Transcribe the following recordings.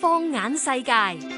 放眼世界。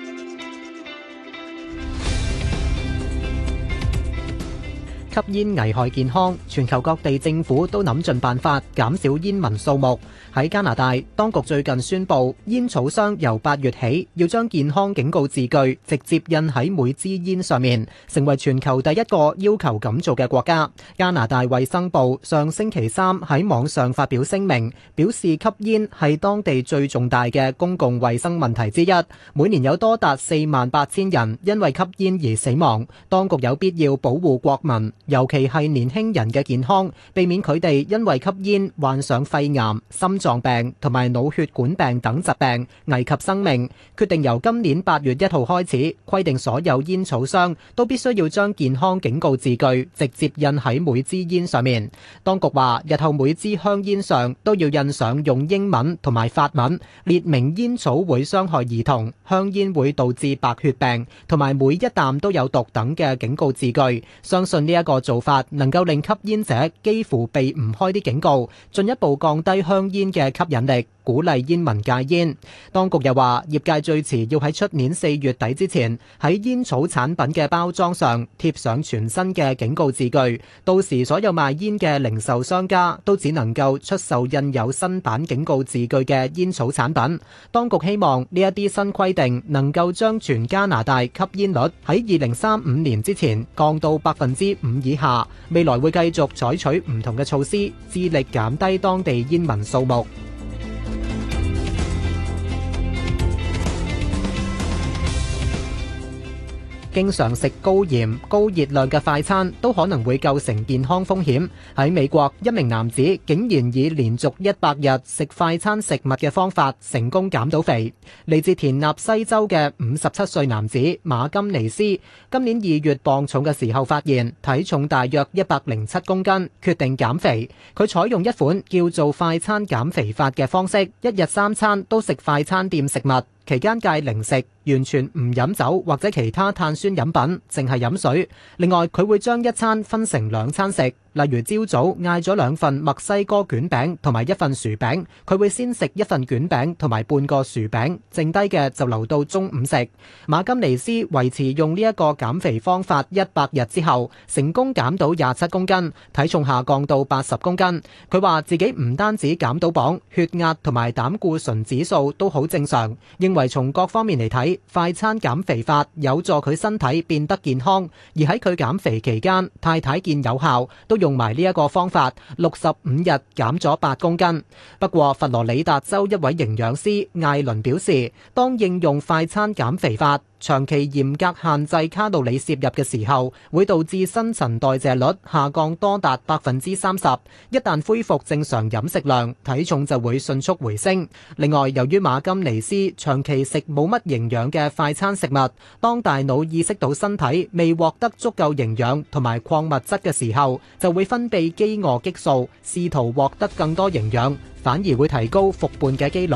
吸煙危害健康，全球各地政府都諗盡辦法減少煙民數目。喺加拿大，當局最近宣布，煙草商由八月起要將健康警告字句直接印喺每支煙上面，成為全球第一個要求咁做嘅國家。加拿大衛生部上星期三喺網上發表聲明，表示吸煙係當地最重大嘅公共衛生問題之一，每年有多達四萬八千人因為吸煙而死亡。當局有必要保護國民，尤其係年輕人嘅健康，避免佢哋因為吸煙患上肺癌、心臟病同埋腦血管病等疾病危及生命。決定由今年八月一號開始，規定所有煙草商都必須要將健康警告字句直接印喺每支煙上面。當局話，日後每支香煙上都要印上用英文同埋法文列明煙草會傷害兒童、香煙會導致白血病同埋每一啖都有毒等嘅警告字句。相信呢、這、一個個做法能夠令吸煙者幾乎避唔開啲警告，進一步降低香煙嘅吸引力。鼓勵煙民戒煙。當局又話，業界最遲要喺出年四月底之前，喺煙草產品嘅包裝上貼上全新嘅警告字句。到時所有賣煙嘅零售商家都只能夠出售印有新版警告字句嘅煙草產品。當局希望呢一啲新規定能夠將全加拿大吸煙率喺二零三五年之前降到百分之五以下。未來會繼續採取唔同嘅措施，致力減低當地煙民數目。經常食高鹽、高熱量嘅快餐都可能會構成健康風險。喺美國，一名男子竟然以連續一百日食快餐食物嘅方法成功減到肥。嚟自田納西州嘅五十七歲男子馬金尼斯，今年二月磅重嘅時候發現體重大約一百零七公斤，決定減肥。佢採用一款叫做快餐減肥法嘅方式，一日三餐都食快餐店食物。期間戒零食，完全唔飲酒或者其他碳酸飲品，淨係飲水。另外，佢會將一餐分成兩餐食。例如朝早嗌咗兩份墨西哥卷餅同埋一份薯餅，佢會先食一份卷餅同埋半個薯餅，剩低嘅就留到中午食。馬金尼斯維持用呢一個減肥方法一百日之後，成功減到廿七公斤，體重下降到八十公斤。佢話自己唔單止減到磅，血壓同埋膽固醇指數都好正常，認為從各方面嚟睇，快餐減肥法有助佢身體變得健康。而喺佢減肥期間，太太見有效都用埋呢一個方法，六十五日減咗八公斤。不過佛羅里達州一位營養師艾倫表示，當應用快餐減肥法，長期嚴格限制卡路里攝入嘅時候，會導致新陳代謝率下降多達百分之三十。一旦恢復正常飲食量，體重就會迅速回升。另外，由於馬金尼斯長期食冇乜營養嘅快餐食物，當大腦意識到身體未獲得足夠營養同埋礦物質嘅時候，就會分泌飢餓激素，試圖獲得更多營養，反而會提高復胖嘅機率。